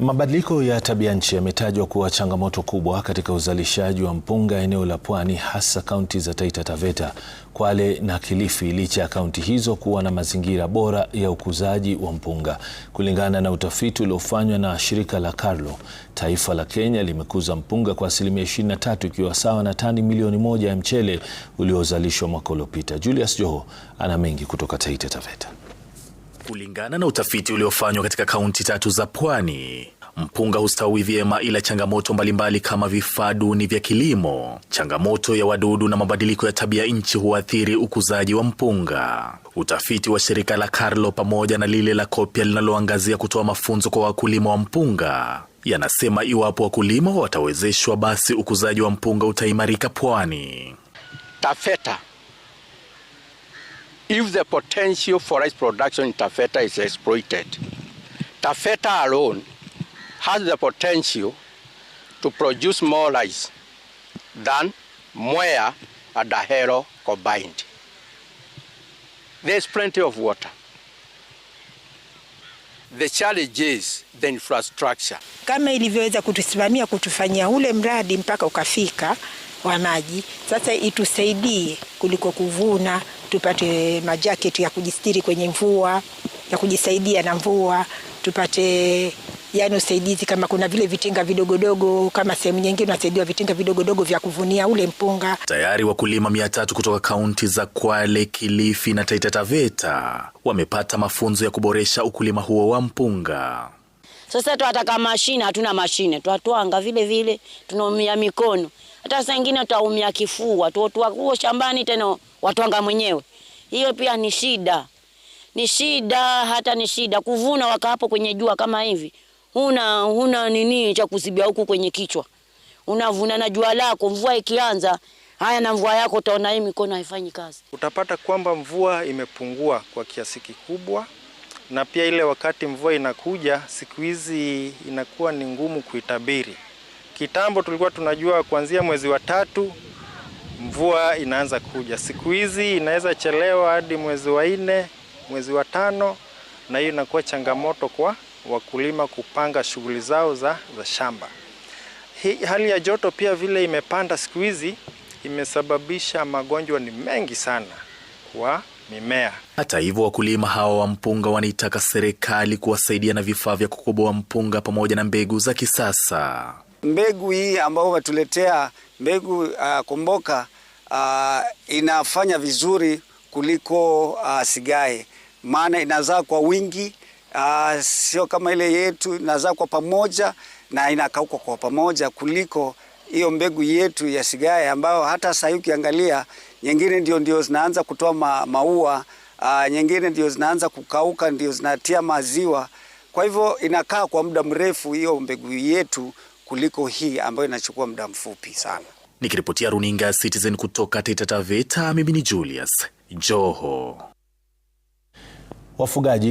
Mabadiliko ya tabia nchi yametajwa kuwa changamoto kubwa katika uzalishaji wa mpunga eneo la Pwani, hasa kaunti za Taita Taveta, Kwale na Kilifi, licha ya kaunti hizo kuwa na mazingira bora ya ukuzaji wa mpunga. Kulingana na utafiti uliofanywa na shirika la Carlo, taifa la Kenya limekuza mpunga kwa asilimia 23, ikiwa sawa na tani milioni moja ya mchele uliozalishwa mwaka uliopita. Julius Joho ana mengi kutoka Taita Taveta. Kulingana na utafiti uliofanywa katika kaunti tatu za pwani, mpunga hustawi vyema, ila changamoto mbalimbali kama vifaa duni vya kilimo, changamoto ya wadudu na mabadiliko ya tabia nchi huathiri ukuzaji wa mpunga. Utafiti wa shirika la Carlo pamoja na lile la kopya linaloangazia kutoa mafunzo kwa wakulima wa mpunga yanasema iwapo wakulima watawezeshwa, basi ukuzaji wa mpunga utaimarika pwani. Tafeta if the potential for rice production in Tafeta is exploited. Tafeta alone has the potential to produce more rice than Mwea and Ahero combined. There's plenty of water. The challenge is the infrastructure. Kama ilivyoweza kutusimamia kutufanyia ule mradi mpaka ukafika wa maji. Sasa itusaidie kuliko kuvuna, tupate majaketi ya kujistiri kwenye mvua, ya kujisaidia na mvua, tupate yani usaidizi kama kuna vile vitinga vidogodogo, kama sehemu nyingine unasaidiwa vitinga vidogodogo vya kuvunia ule mpunga. Tayari wakulima mia tatu kutoka kaunti za Kwale, Kilifi na Taita Taveta wamepata mafunzo ya kuboresha ukulima huo wa mpunga. Sasa tuataka mashine, hatuna mashine, twatwanga vile vile, tunaumia mikono hata saa nyingine utaumia kifua, watoto wako shambani tena watwanga mwenyewe. Hiyo pia ni shida, ni shida, hata ni shida kuvuna waka hapo kwenye jua kama hivi, huna huna nini cha kuzibia huku kwenye kichwa, unavuna na jua lako. Mvua ikianza haya na mvua yako, utaona hii mikono haifanyi kazi. Utapata kwamba mvua imepungua kwa kiasi kikubwa, na pia ile wakati mvua inakuja siku hizi inakuwa ni ngumu kuitabiri. Kitambo tulikuwa tunajua kuanzia mwezi wa tatu mvua inaanza kuja. Siku hizi inaweza chelewa hadi mwezi wa nne, mwezi wa tano, na hiyo inakuwa changamoto kwa wakulima kupanga shughuli zao za, za shamba. Hi, hali ya joto pia vile imepanda siku hizi imesababisha magonjwa ni mengi sana kwa mimea. Hata hivyo, wakulima hawa wa mpunga wanaitaka serikali kuwasaidia na vifaa vya kukoboa mpunga pamoja na mbegu za kisasa mbegu hii ambayo umetuletea mbegu uh, Komboka uh, inafanya vizuri kuliko uh, Sigae, maana inazaa kwa wingi uh, sio kama ile yetu, inazaa kwa pamoja na inakauka kwa pamoja kuliko hiyo mbegu yetu ya Sigae ambayo hata sasa ukiangalia nyingine ndio ndio zinaanza kutoa ma, maua uh, nyingine ndio zinaanza kukauka, ndio zinatia maziwa. Kwa hivyo inakaa kwa muda mrefu hiyo mbegu yetu kuliko hii ambayo inachukua muda mfupi sana. Nikiripotia runinga Citizen kutoka Taita Taveta, mimi ni Julius Joho. Wafugaji